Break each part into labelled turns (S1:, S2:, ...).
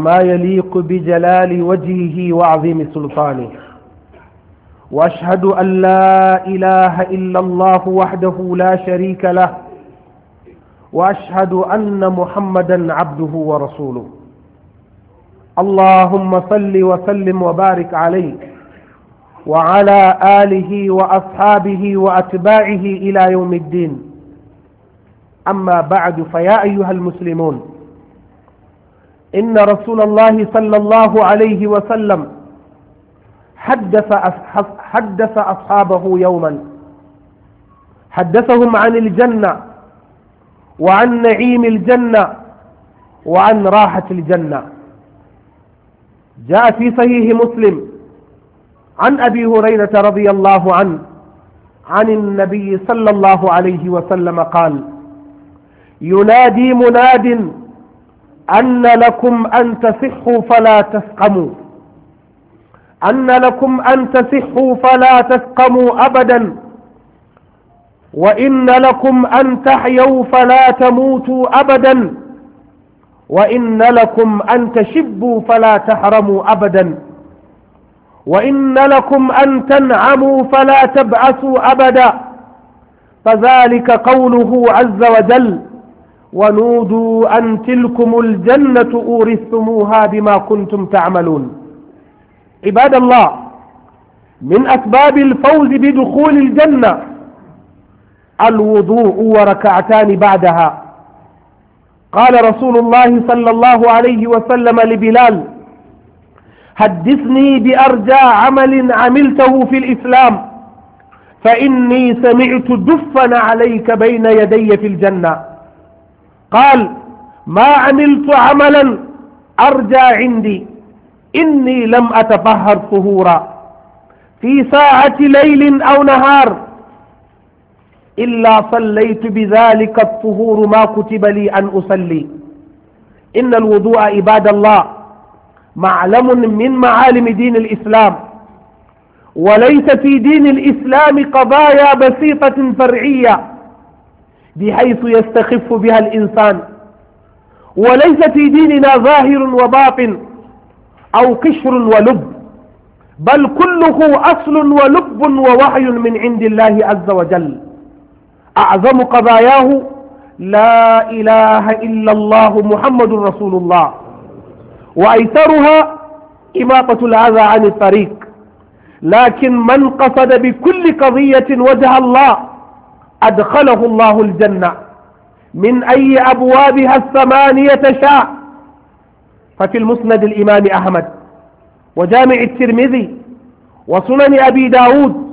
S1: ما يليق بجلال وجهه وعظيم سلطانه وأشهد أن لا إله إلا الله وحده لا شريك له وأشهد أن محمدا عبده ورسوله اللهم صل وسلم وبارك عليه وعلى آله وأصحابه وأتباعه إلى يوم الدين أما بعد فيا أيها المسلمون إن رسول الله صلى الله عليه وسلم حدث, حدث أصحابه يوما حدثهم عن الجنة وعن نعيم الجنة وعن راحة الجنة جاء في صحيح مسلم عن أبي هريرة رضي الله عنه عن النبي صلى الله عليه وسلم قال ينادي مناد أن لكم أن تسحوا فلا تسقموا أن لكم أن تسحوا فلا تسقموا أبدا وإن لكم أن تحيوا فلا تموتوا أبدا وإن لكم أن تشبوا فلا تحرموا أبدا وإن لكم أن تنعموا فلا تبعثوا أبدا فذلك قوله عز وجل ونودوا أن تلكم الجنة أورثتموها بما كنتم تعملون عباد الله من أسباب الفوز بدخول الجنة الوضوء وركعتان بعدها قال رسول الله صلى الله عليه وسلم لبلال حدثني بأرجى عمل عملته في الإسلام فإني سمعت دفن عليك بين يدي في الجنة قال ما عملت عملا أرجى عندي إني لم أتفهر طهورا في ساعة ليل أو نهار إلا صليت بذلك الطهور ما كتب لي أن أصلي إن الوضوء عباد الله معلم من معالم دين الإسلام وليس في دين الإسلام قضايا بسيطة فرعية بحيث يستخف بها الإنسان وليس في ديننا ظاهر وباطن أو قشر ولب بل كله أصل ولب ووحي من عند الله عز وجل أعظم قضاياه لا إله إلا الله محمد رسول الله وأيسرها إماطة الأذى عن الطريق لكن من قصد بكل قضية وجه الله أدخله الله الجنة من أي أبوابها الثمانية شاء ففي المسند الإمام أحمد وجامع الترمذي وسنن أبي داود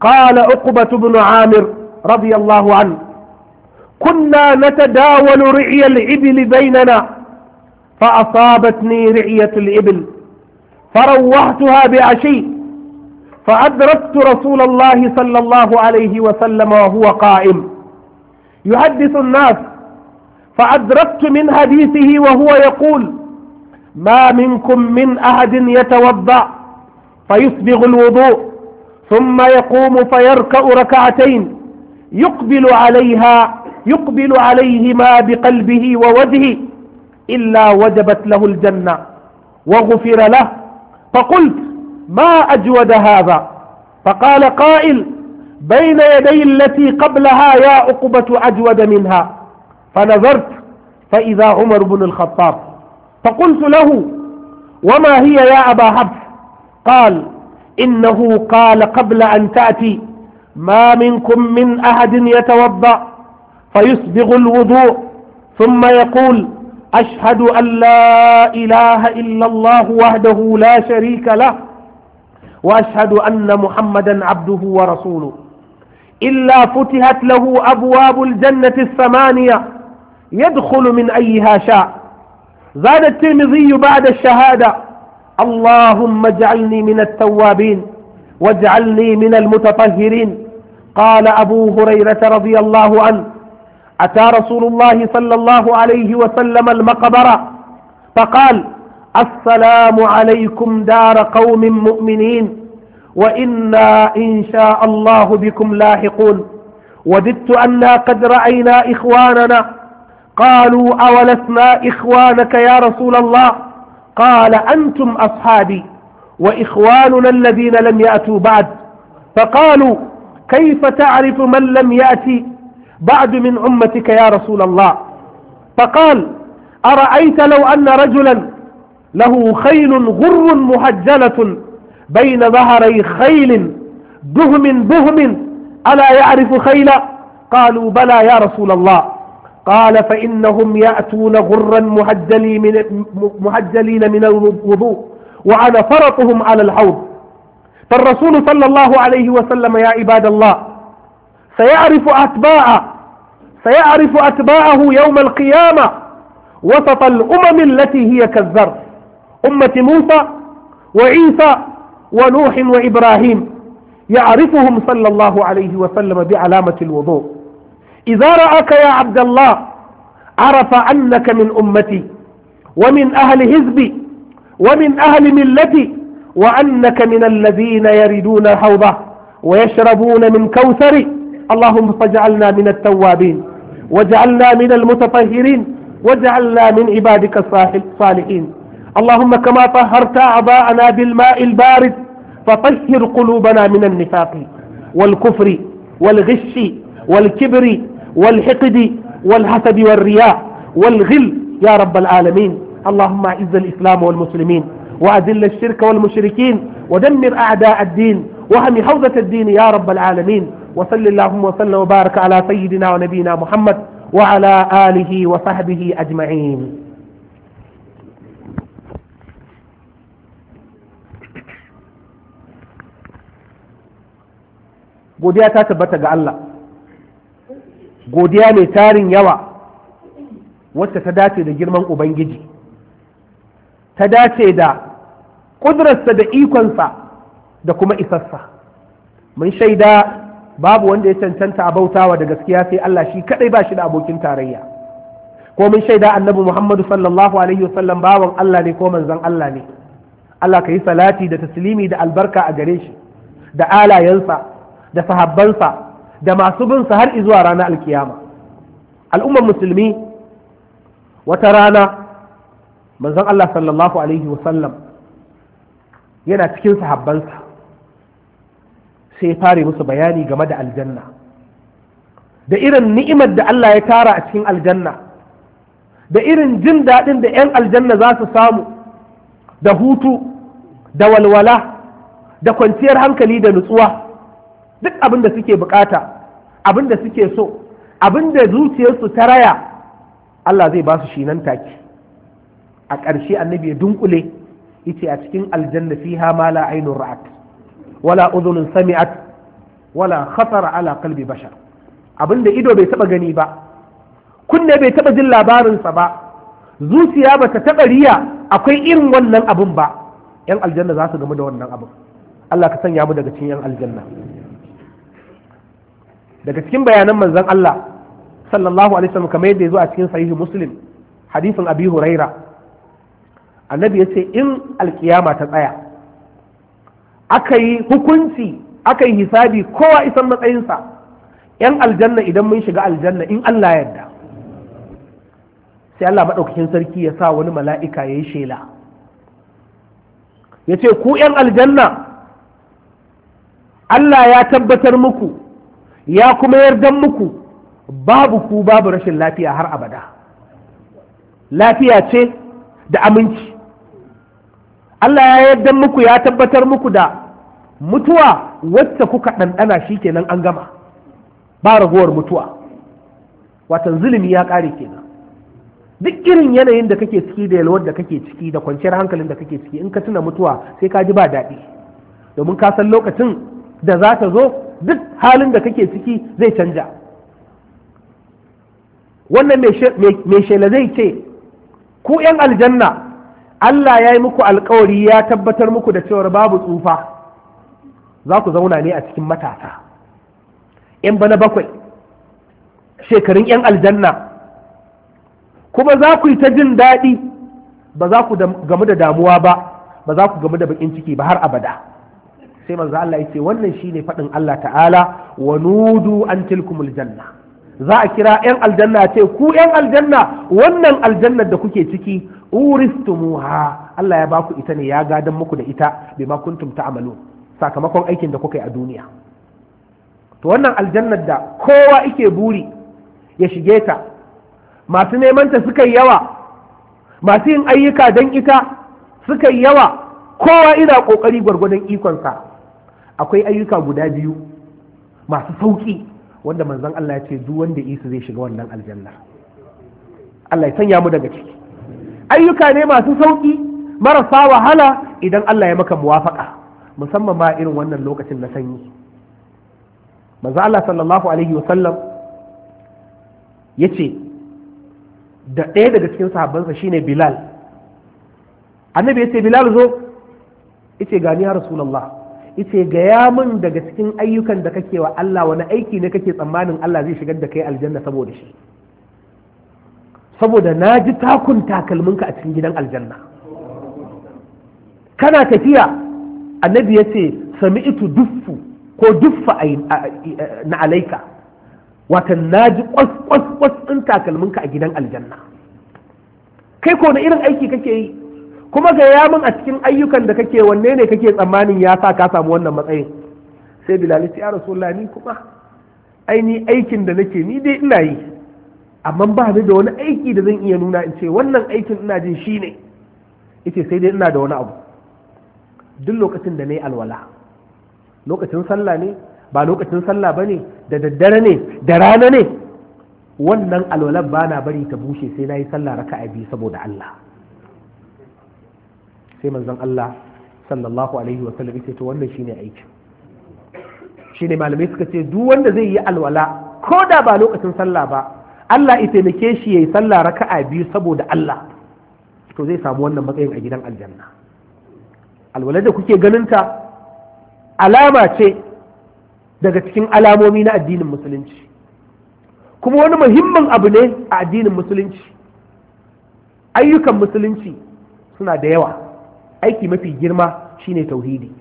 S1: قال عقبة بن عامر رضي الله عنه كنا نتداول رعي الإبل بيننا فأصابتني رعية الإبل فروحتها بعشي فأدركت رسول الله صلى الله عليه وسلم وهو قائم يحدث الناس فأدركت من حديثه وهو يقول ما منكم من أحد يتوضأ فيسبغ الوضوء ثم يقوم فيركأ ركعتين يقبل عليها يقبل عليهما بقلبه ووجهه إلا وجبت له الجنة وغفر له فقلت ما أجود هذا فقال قائل بين يدي التي قبلها يا عقبة أجود منها فنظرت فإذا عمر بن الخطاب فقلت له وما هي يا أبا حفص قال إنه قال قبل أن تأتي ما منكم من أحد يتوضأ فيسبغ الوضوء ثم يقول أشهد أن لا إله إلا الله وحده لا شريك له وأشهد أن محمدا عبده ورسوله إلا فتحت له أبواب الجنة الثمانية يدخل من أيها شاء زاد الترمذي بعد الشهادة اللهم اجعلني من التوابين واجعلني من المتطهرين قال أبو هريرة رضي الله عنه أتى رسول الله صلى الله عليه وسلم المقبرة فقال السلام عليكم دار قوم مؤمنين وإنا إن شاء الله بكم لاحقون وددت أنا قد رأينا إخواننا قالوا أولسنا إخوانك يا رسول الله قال أنتم أصحابي وإخواننا الذين لم يأتوا بعد فقالوا كيف تعرف من لم يأتي بعد من أمتك يا رسول الله فقال أرأيت لو أن رجلا له خيل غر محجلة بين ظهري خيل بهم بهم ألا يعرف خيلا قالوا بلى يا رسول الله قال فإنهم يأتون غرا محجلي من محجلين من الوضوء وعلى فرطهم على الحوض فالرسول صلى الله عليه وسلم يا عباد الله سيعرف أتباعه سيعرف أتباعه يوم القيامة وسط الأمم التي هي كالذر أمة موسى وعيسى ونوح وإبراهيم يعرفهم صلى الله عليه وسلم بعلامة الوضوء إذا رأك يا عبد الله عرف أنك من أمتي ومن أهل حزبي ومن أهل ملتي وأنك من الذين يردون الحوضة ويشربون من كوثري اللهم فاجعلنا من التوابين واجعلنا من المتطهرين واجعلنا من عبادك الصالحين اللهم كما طهرت أعضاءنا بالماء البارد فطهر قلوبنا من النفاق والكفر والغش والكبر والحقد والحسد والرياء والغل يا رب العالمين اللهم أعز الإسلام والمسلمين وأذل الشرك والمشركين ودمر أعداء الدين وهم حوزة الدين يا رب العالمين وصل اللهم وسلم وبارك على سيدنا ونبينا محمد وعلى آله وصحبه أجمعين godiya ta tabbata ga Allah godiya mai tarin yawa wacce ta dace da girman ubangiji ta dace da ƙudurarsa da ikonsa da kuma isassa mun shaida babu wanda ya cancanta a bautawa da gaskiya sai Allah shi kadai ba shi da abokin tarayya ko mun shaida annabi Muhammadu sallallahu alaihi wasallam bawan Allah ne ko manzon Allah ne Allah ka yi salati da taslimi da albarka a gare shi da alayensa da sahabbansa da masu bin har zuwa rana alkiyama al'ummar musulmi wata rana manzon Allah sallallahu alaihi wasallam yana cikin sahabbansa sai ya fara musu bayani game da aljanna da irin ni'imar da Allah ya tara a cikin aljanna da irin jin daɗin da 'yan aljanna za su samu da hutu da walwala da kwanciyar hankali da nutsuwa duk abin da suke bukata abin da suke so abin da zuciyarsu ta raya Allah zai ba su shi nan take a ƙarshe annabi ya dunkule yace a cikin aljanna fiha ma la ainun ra'at wala udhunun sami'at wala khatara ala qalbi bashar abin da ido bai taba gani ba kunne bai taba jin labarinsa ba zuciya bata taɓa taba riya akwai irin wannan abin ba yan aljanna za su gamu da wannan abin Allah ka sanya mu daga cikin yan aljanna daga cikin bayanan manzon Allah sallallahu alaihi wasallam kamar yadda ya zo a cikin sahihi muslim hadisin abi huraira annabi ya ce in alkiyama ta tsaya aka yi hukunci aka yi hisabi kowa isan matsayinsa yan aljanna idan mun shiga aljanna in Allah yarda sai Allah maɗaukakin sarki ya sa wani mala'ika ya yi shela ya ce ku yan aljanna Allah ya tabbatar muku ya kuma yardan muku babu ku babu rashin lafiya har abada lafiya ce da aminci Allah ya yardan muku ya tabbatar muku da mutuwa wacce kuka ɗanɗana shi kenan an gama ba ragowar mutuwa watan zulumi ya ƙare kenan duk irin yanayin da kake ciki da yalwar da kake ciki da kwanciyar hankalin da kake ciki in ka tuna mutuwa sai ka ji ba daɗi domin ka san lokacin da za ta zo duk halin da kake ciki zai canja wannan mai shela zai ce ku 'yan aljanna Allah ya yi muku alkawari ya tabbatar muku da cewar babu tsufa za ku zauna ne a cikin matasa 'yan bana bakwai shekarun 'yan aljanna kuma za ku yi ta jin daɗi ba za ku gamu da damuwa ba ba za ku gamu da bakin ciki ba har abada. sai manzo Allah ce wannan shine faɗin Allah ta'ala wa nudu an tilkumul janna za a kira yan aljanna ce ku yan aljanna wannan aljannar da kuke ciki uristumuha Allah ya baku ita ne ya gadan muku da ita ma kuntum amalu sakamakon aikin da kuka yi a duniya to wannan aljannar da kowa yake buri ya shige ta masu neman ta suka yawa masu yin ayyuka don ita suka yawa kowa ina kokari gwargwadon ikonsa akwai ayyuka guda biyu masu sauƙi wanda manzon Allah ya ce duk wanda isu zai shiga wannan aljanna Allah ya sanya mu daga ciki ayyuka ne masu sauƙi marasa wahala idan Allah ya maka muwafaka musamman ma irin wannan lokacin na sanyi manzo Allah sallallahu alaihi wasallam yace da ɗaya daga cikin sahabbansa shine Bilal annabi yace Bilal zo yace gani ya rasulullah yace gaya min daga cikin ayyukan da kake wa Allah wani aiki ne kake tsammanin Allah zai shigar da kai aljanna saboda shi saboda na ji takun takalminka a cikin gidan aljanna kana tafiya annabi ya ce sami'tu duffu ko duffa na alaika watan na ji kwas kwas kwas in takalminka a gidan aljanna kai ko na irin aiki kake yi kuma ga mun a cikin ayyukan da kake wanne ne kake tsammanin ya sa ka samu wannan matsayin sai bilal ya rasulullah ni kuma ai ni aikin da nake ni dai ina yi amma ba ni da wani aiki da zan iya nuna in ce wannan aikin ina jin shi ne yace sai dai ina da wani abu duk lokacin da nayi alwala lokacin sallah ne ba lokacin sallah bane? da daddare ne da rana ne wannan alwalan ba na bari ta bushe sai na yi sallah raka'a biyu saboda Allah sai manzon Allah sallallahu alaihi wa sallam yace to wannan shine aiki shine malamai suka ce duk wanda zai yi alwala ko da ba lokacin sallah ba Allah ya taimake shi yayi sallah raka'a biyu saboda Allah to zai samu wannan matsayin a gidan aljanna alwala da kuke ganinta alama ce daga cikin alamomi na addinin musulunci kuma wani muhimmin abu ne a addinin musulunci ayyukan musulunci suna da yawa aiki mafi girma shine tauhidi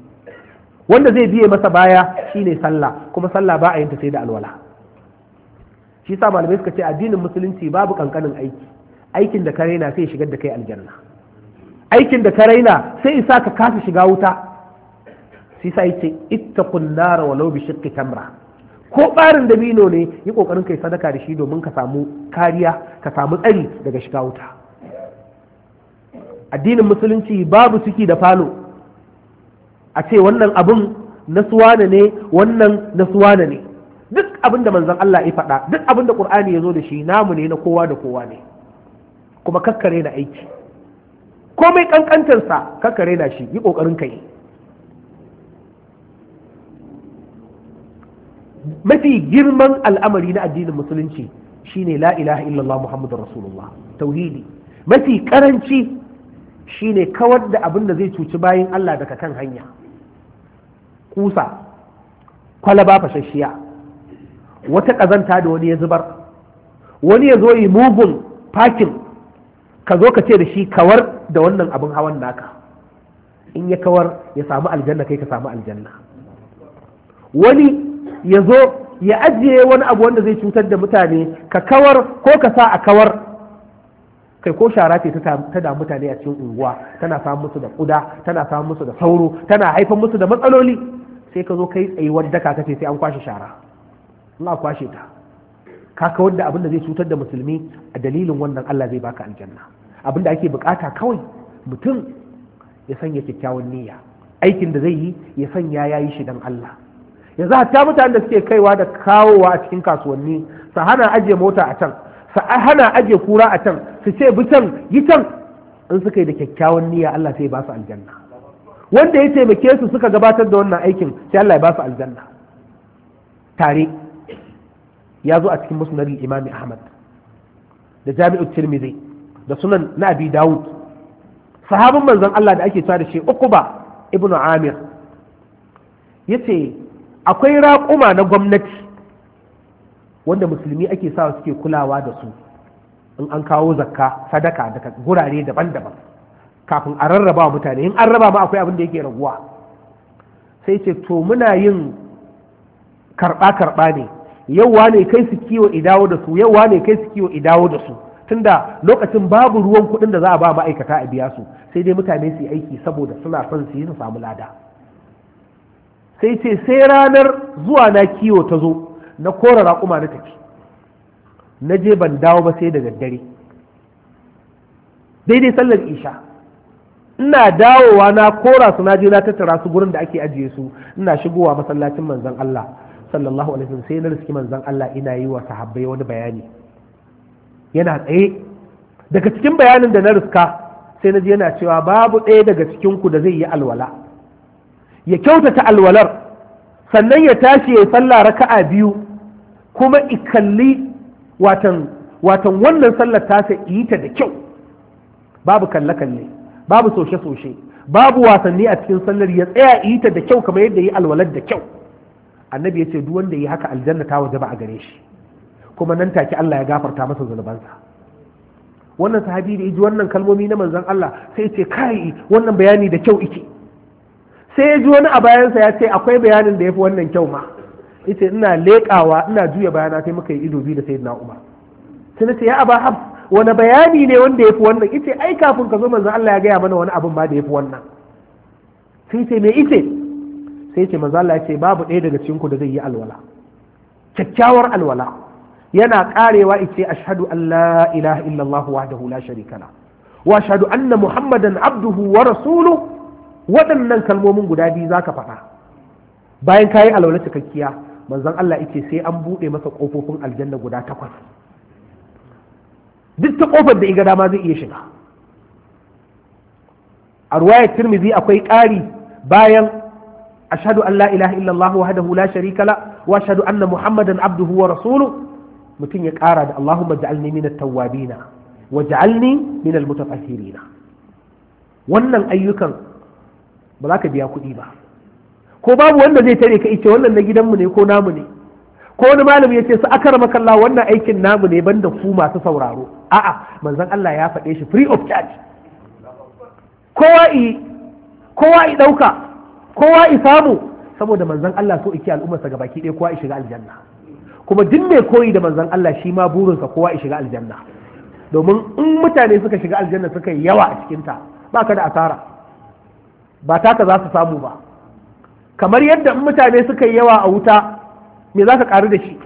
S1: wanda zai biye masa baya shine sallah kuma sallah ba a yin ta sai da alwala shi sa malamai suka ce addinin musulunci babu kankanin aiki aikin da ka raina sai shigar da kai aljanna aikin da ka raina sai isa ka kasa shiga wuta shi sa yace ittaqun nar walau bi shiqqi tamra ko barin dabino ne yi kokarin kai sadaka da shi domin ka samu kariya ka samu tsari daga shiga wuta addinin musulunci babu ciki da falo a ce wannan abun na suwana ne wannan na ne duk abin da manzon Allah ya faɗa duk abin da ƙur'ani ya zo da shi namu ne na kowa da kowa ne kuma kakkare na aiki komai ƙanƙantarsa kakkare na shi yi ƙoƙarin kai mafi girman al'amari na addinin musulunci shine la ilaha illallah muhammadur rasulullah tauhidi mafi karanci shine kawar da abin da zai cuci bayan Allah daga kan hanya kusa kwalaba fashashiya wata ƙazanta da wani ya zubar wani ya zo yi mugun fakin ka zo ka ce da shi kawar da wannan abin hawan naka in ya kawar ya samu aljanna kai ka samu aljanna wani ya zo ya ajiye wani abu wanda zai cutar da mutane ka kawar ko ka sa a kawar kai ko shara ce ta da mutane a cikin unguwa tana samun musu da kuda tana samun musu da sauro tana haifar musu da matsaloli sai ka zo kai tsayuwar daka ce sai an kwashe shara Allah kwashe ta ka ka wanda abin da zai cutar da musulmi a dalilin wannan Allah zai baka aljanna abin da ake bukata kawai mutum ya sanya kyakkyawan niyya aikin da zai yi ya sanya ya yi shi dan Allah yanzu hatta mutanen da suke kaiwa da kawowa a cikin kasuwanni su hana ajiye mota a can su hana aje kura a can su ce bi can yi can in suka yi da kyakkyawan niyya Allah sai ba su aljanna wanda ya taimake su suka gabatar da wannan aikin sai Allah ya ba su aljanna tare ya zo a cikin musnad imami Ahmad da Jami'ut Tirmidhi da sunan na Abi Dawud sahabin manzon Allah da ake cewa da shi Uqba ibnu Amir yace akwai raƙuma na gwamnati wanda musulmi ake sa suke kulawa da su in an kawo zakka sadaka daga gurare daban-daban kafin a rarraba mutane in an raba ma akwai abin da yake raguwa sai ce to muna yin karba karba ne yauwa ne kai su kiwo idawo da su yauwa ne kai su kiwo idawo da su tunda lokacin babu ruwan kuɗin da za a ba ma'aikata a biya su sai dai mutane su yi aiki saboda suna son su yi su samu lada sai ce sai ranar zuwa na kiwo ta zo na kora raƙuma na tafi na je ban dawo ba sai daga dare daidai sallar isha ina dawowa na kora su na je na tattara su gurin da ake ajiye su ina shigowa masallacin manzon Allah sallallahu alaihi wasallam sai na riski manzon Allah ina yi wa sahabbai wani bayani yana tsaye daga cikin bayanin da na riska sai na je yana cewa babu ɗaya daga cikin ku da zai yi alwala ya kyautata alwalar sannan ya tashi ya sallah raka'a biyu kuma ikalli watan wannan sallar tasa yi ta da kyau babu kalle kalle babu soshe soshe babu wasanni a cikin sallar ya tsaya yi ta da kyau kamar yadda yi alwalar da kyau annabi ya ce duk wanda yi haka aljanna ta wajaba a gare shi kuma nan take Allah ya gafarta masa zunubansa wannan sahabi da ji wannan kalmomi na manzan Allah sai ce kai wannan bayani da kyau ike sai ya ji wani a bayansa ya ce akwai bayanin da ya fi wannan kyau ma yace ina leƙawa ina juya bayana sai muka yi ido biyu da sayyidina Umar sai nace ya aba hab wani bayani ne wanda yafi wannan yace ai kafin ka zo manzo Allah ya gaya mana wani abin ba da yafi wannan sai ce me yace sai ce manzo Allah babu ɗaya daga cikin ku da zai yi alwala kyakkyawar alwala yana karewa ice ashhadu an la ilaha illallah wahdahu la sharika la wa ashhadu anna muhammadan abduhu wa rasuluhu waɗannan kalmomin guda biyu zaka faɗa bayan kayi alwala cikakkiya manzon Allah yake sai an buɗe masa ƙofofin aljanna guda takwas duk ta ƙofar da iga dama zai iya shiga a ruwayar tirmizi akwai ƙari bayan ashadu an la ilaha illallah hadahu la sharika la wa ashhadu anna muhammadan abduhu wa rasuluhu mutum ya ƙara da Allahumma ja'alni min at-tawwabina wa ja'alni min al-mutatahhirina wannan ayyukan ba za ka biya kuɗi ba ko babu wanda zai tare ka ice wannan na gidanmu ne ko namu ne ko wani malami ya ce su akar makalla wannan aikin namu ne banda ku masu sauraro a'a manzon Allah ya faɗe shi free of charge kowa i kowa i ɗauka kowa i samu saboda manzon Allah so iki al'ummarsa sa gabaki ɗaya kowa i shiga aljanna kuma duk mai koyi da manzon Allah shi ma burinsa kowa i shiga aljanna domin in mutane suka shiga aljanna suka yi yawa a cikinta ba ka da asara ba taka za su samu ba kamar yadda mutane suka yi yawa a wuta me za ka karu da shi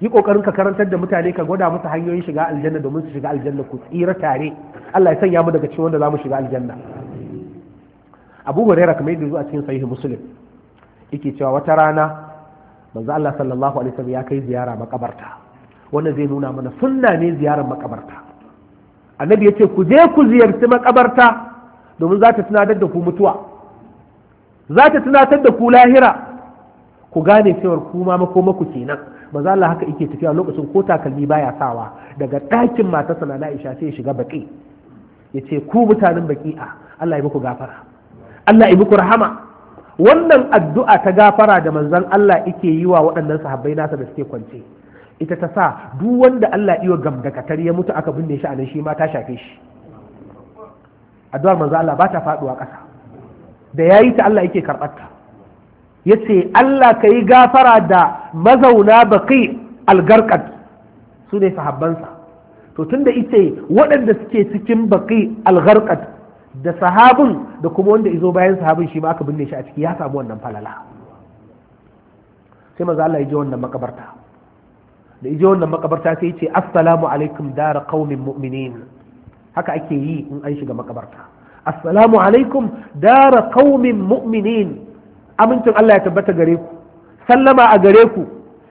S1: yi kokarin ka karantar da mutane ka gwada musu hanyoyin shiga aljanna domin su shiga aljanna ku tsira tare Allah ya sanya mu daga cikin wanda mu shiga aljanna Abu Huraira kamar yadda zuwa cikin sahih Muslim yake cewa wata rana manzo Allah sallallahu alaihi wasallam ya kai ziyara makabarta wannan zai nuna mana sunna ne ziyarar makabarta annabi yace ku je ku ziyarci makabarta domin za ta tunadar da ku mutuwa za ta tunatar da ku lahira ku gane cewar kuma makomaku kenan maza Allah haka yake tafiya lokacin ko takalmi baya sawa daga ɗakin matarsa na Aisha sai ya shiga baki ya ce ku mutanen baki'a ah, Allah ya muku gafara Allah ya muku rahama wannan addu'a ta gafara da manzon Allah yake yi wa waɗannan sahabbai nasa da suke kwance ita ta sa duk wanda Allah iyo gamdakatar ya mutu aka binne shi a nan shi ma ta shafe shi addu'ar manzon Allah ba ta faduwa ƙasa da ya yi ta Allah yake karɓarta ya ce Allah ka yi gafara da mazauna baƙi algarkat su ne sahabbansa to da ita waɗanda suke cikin baƙi algarkat da sahabin da kuma wanda izo bayan sahabin shi ma aka binne shi a ciki ya samu wannan falala sai maza Allah ya je wannan makabarta da ya je wannan makabarta sai ya ce assalamu alaikum dara qaumin mu'minin haka ake yi in an shiga makabarta assalamu alaikum dara kaumin mu'minin amincin Allah ya tabbata gare ku sallama a gare ku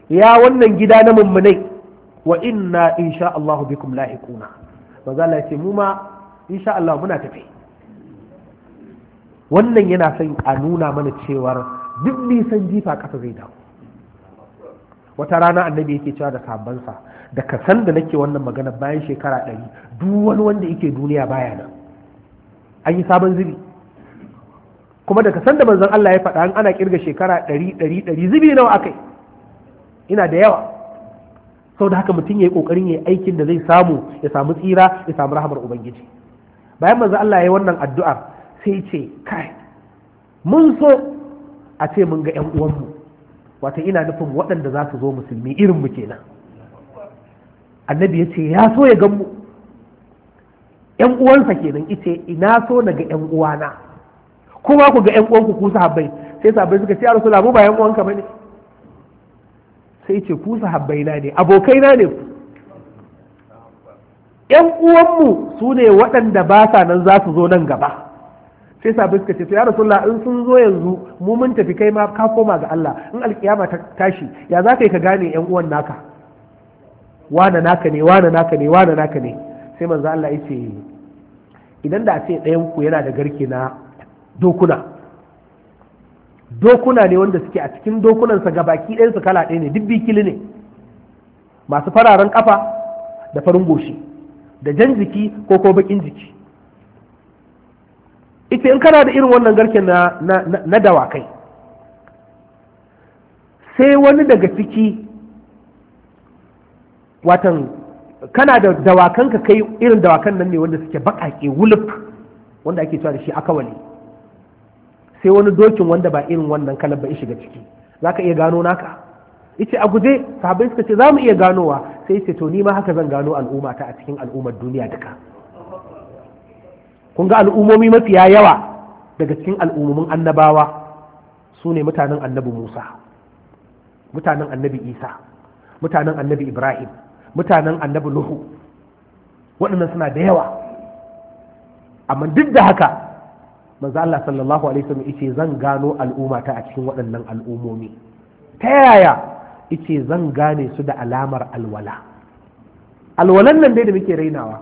S1: ya wannan gida na mummunai wa inna insha Allah bikum lahiquna maza Allah ce mu ma insha Allah muna tafi wannan yana son a nuna mana cewar duk nisan jifa ƙasa zai dawo wata rana annabi yake cewa da sabansa da kasan da nake wannan magana bayan shekara ɗari duk wani wanda yake duniya baya nan an yi sabon zubi kuma daga san da manzon Allah ya faɗa an ana kirga shekara ɗari ɗari ɗari zubi nawa akai ina da yawa sau da haka mutum ya yi ƙoƙarin ya yi aikin da zai samu ya samu tsira ya samu rahamar ubangiji bayan manzon Allah ya yi wannan addu'ar sai ce kai mun so a ce mun ga ƴan uwanmu wata ina nufin waɗanda za su zo musulmi irin mu kenan annabi ya ce ya so ya gan yan uwansa kenan ice ina so na ga yan uwana kuma ku ga yan uwanku ku sahabbai sai sahabbai suka ce ya rasulullah mu ba yan uwanka ne sai ce ku sahabbai na ne abokai na ne ku yan uwanmu su ne waɗanda ba sa nan za su zo nan gaba sai sahabbai suka ce ya rasulullah in sun zo yanzu mu mun tafi kai ma ka koma ga Allah in alkiyama ta tashi ya za ka yi ka gane yan uwan naka wane naka ne wane naka ne wane naka ne sai manzo Allah ya ce idan da ce ɗayan ku yana da garke na dokuna dokuna ne wanda suke a cikin dokunansa ga baki ɗayansu kala ɗaya ne duk bikili ne masu fararen kafa da farin goshi da jan jiki ko ko bakin jiki ita in kana da irin wannan garke na, na dawakai sai wani daga ciki watan kana da dawakan ka kai irin dawakan nan ne wanda suke bakake wuluk wanda ake cewa da shi akawali sai wani dokin wanda ba irin wannan kalar ba shiga ciki zaka iya gano naka yace a guje sahabbai suka ce za mu iya ganowa sai yace to ni ma haka zan gano al'umma ta a cikin al'ummar duniya duka kun ga al'ummomi mafiya yawa daga cikin al'ummomin annabawa su ne mutanen annabi Musa mutanen annabi Isa mutanen annabi Ibrahim mutanen annabi Nuhu waɗannan suna da yawa amma duk da haka manzo Allah sallallahu alaihi wasallam yace zan gano al'umma ta a cikin waɗannan al'umomi ta yaya yace zan gane su da alamar alwala alwalan nan dai da muke rainawa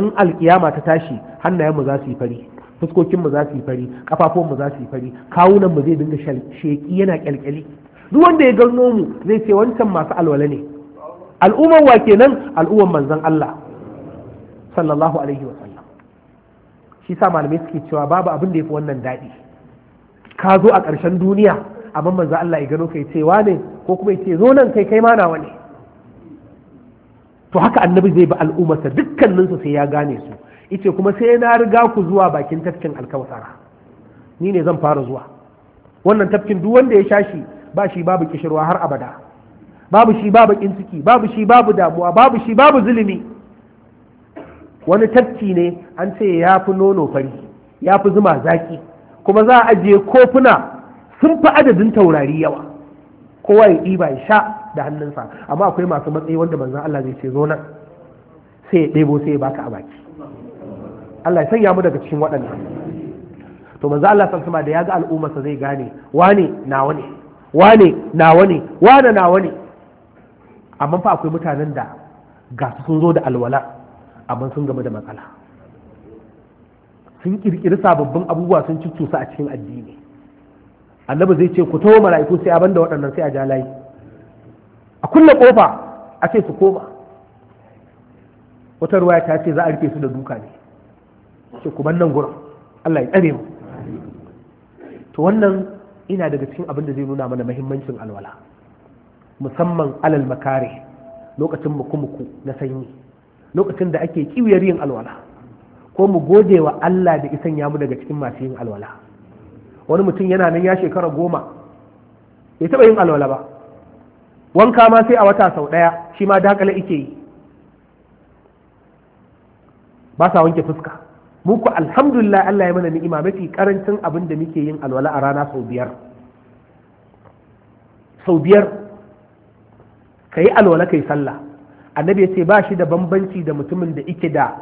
S1: in alkiyama ta tashi hannayenmu za su yi fari fuskokinmu za su yi fari mu za su yi fari kawunanmu zai dinga sheƙi yana kyalkyali duk wanda ya gano mu zai ce wancan masu alwala ne al'umman wa kenan al'umman manzon Allah sallallahu alaihi wa sallam shi sa malamai suke cewa babu abin da yafi wannan daɗi ka zo a ƙarshen duniya amma manzon Allah ya gano kai cewa ne ko kuma ya zo nan kai kai ma na wani? to haka annabi zai bi al'ummarsa su sai ya gane su ice kuma sai na riga ku zuwa bakin tafkin alkawasara ni ne zan fara zuwa wannan tafkin duk wanda ya sha shi ba shi babu kishirwa har abada babu shi babu bakin ciki babu shi babu damuwa babu shi babu zulumi wani tafci ne an ce ya fi nono fari ya fi zuma zaki kuma za a ajiye kofuna sun fi adadin taurari yawa kowa ya ɗiba ya sha da hannunsa amma akwai masu matsayi wanda manzan Allah zai ce zo nan sai ya ɗebo sai ya baka a baki Allah ya sanya mu daga cikin waɗannan to manzan Allah san sama da ya ga al'ummarsa zai gane wane nawa ne wane nawa ne wane nawa ne amma fa akwai mutanen da ga sun zo da alwala amma sun gama da matsala sun kirkiri sababbin abubuwa sun cucusa a cikin addini annabi zai ce ku taho mala'iku sai abin da waɗannan sai a ja layi a kulle kofa a ce su koma wata ruwaya ta ce za a rike su da duka ne ce ku nan gurin Allah ya tsare mu to wannan ina daga cikin abin da zai nuna mana muhimmancin alwala musamman alal makare lokacin muku-muku na sanyi lokacin da ake kiwiyar yin alwala ko mu gode wa Allah da isan mu daga cikin masu yin alwala wani mutum yana nan ya shekara goma bai taba yin alwala ba wanka ma sai a wata sau ɗaya shi ma dakala ike yi ba sa wanke fuska muku alhamdulillah Allah ya mana ni'ima mafi karancin abin da muke yin alwala a rana sau biyar sau biyar ka yi alwala kai sallah annabi ya ce ba shi da bambanci da mutumin da ike da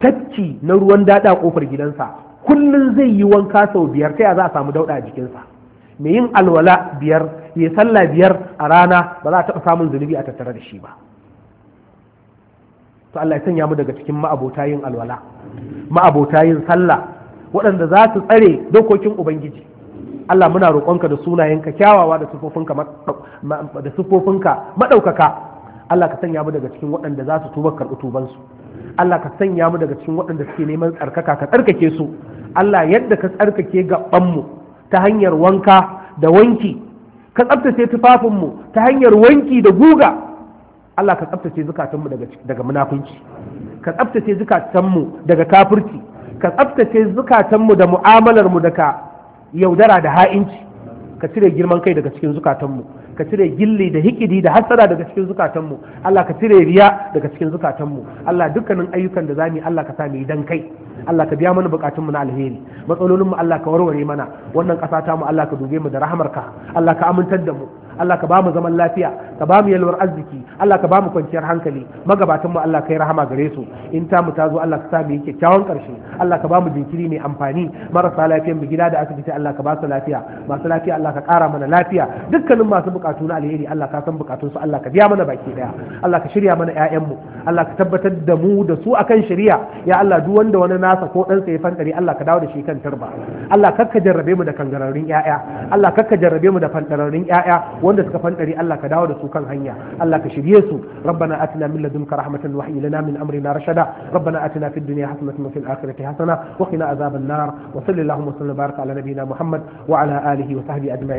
S1: tafki na ruwan dada kofar gidansa kullum zai yi wanka sau biyar ta za a samu dauda a jikinsa mai yin alwala biyar ya sallah biyar a rana ba za a taɓa samun zunubi a tattare da shi ba to Allah ya sanya mu daga cikin ma'abota yin alwala ma'abota yin sallah waɗanda za su tsare dokokin ubangiji Allah muna roƙonka da sunayenka kyawawa da sufofinka da sufofinka madaukaka Allah ka sanya mu daga cikin waɗanda za su tuba karɓi tubansu Allah ka sanya mu daga cikin waɗanda suke neman tsarkaka ka tsarkake su Allah yadda ka tsarkake mu ta hanyar wanka da wanki ka tsaftace tufafinmu ta hanyar wanki da guga Allah ka tsaftace zukatanmu daga daga munafunci ka tsaftace zukatanmu daga kafirci ka tsaftace zukatanmu da mu'amalar mu daga yaudara da ha'inci ka cire girman kai daga cikin zukatanmu ka cire gilli da hikidi da hassara daga cikin zukatanmu Allah ka cire riya daga cikin zukatanmu Allah dukkanin ayyukan da zamu yi Allah ka sa mu dan kai Allah ka biya mana bukatunmu na alheri matsalolinmu Allah ka warware mana wannan kasata mu Allah ka dube mu da rahamarka Allah ka amintar da mu Allah ka bamu zaman lafiya ka bamu yalwar arziki Allah ka bamu kwanciyar hankali magabatan mu Allah kai rahama gare su in ta mu tazo Allah ka sa mu yi kyakkyawan karshe Allah ka bamu jinkiri mai amfani marasa lafiyar mu gida da asibiti Allah ka ba su lafiya masu lafiya Allah ka ƙara mana lafiya dukkanin masu bukatu na alheri Allah ka san bukatun su Allah ka biya mana baki daya Allah ka shirya mana ƴaƴan mu Allah ka tabbatar da mu da su akan shari'a ya Allah duk wanda wani nasa ko dan sa ya fankare Allah ka dawo da shi kan tarba Allah kakka jarrabe mu da kangararrun ƴaƴa Allah kakka jarrabe mu da fandararrun ƴaƴa wanda suka fandare Allah ka dawo da su kan hanya Allah ka shirye su rabbana atina min ladunka rahmatan wa hayyi lana min amrina rashada rabbana atina fid dunya hasanatan wa fil akhirati hasana wa qina azaban nar wa na wa sallam baraka ala nabiyyina muhammad wa alihi wa sahbihi ajma'in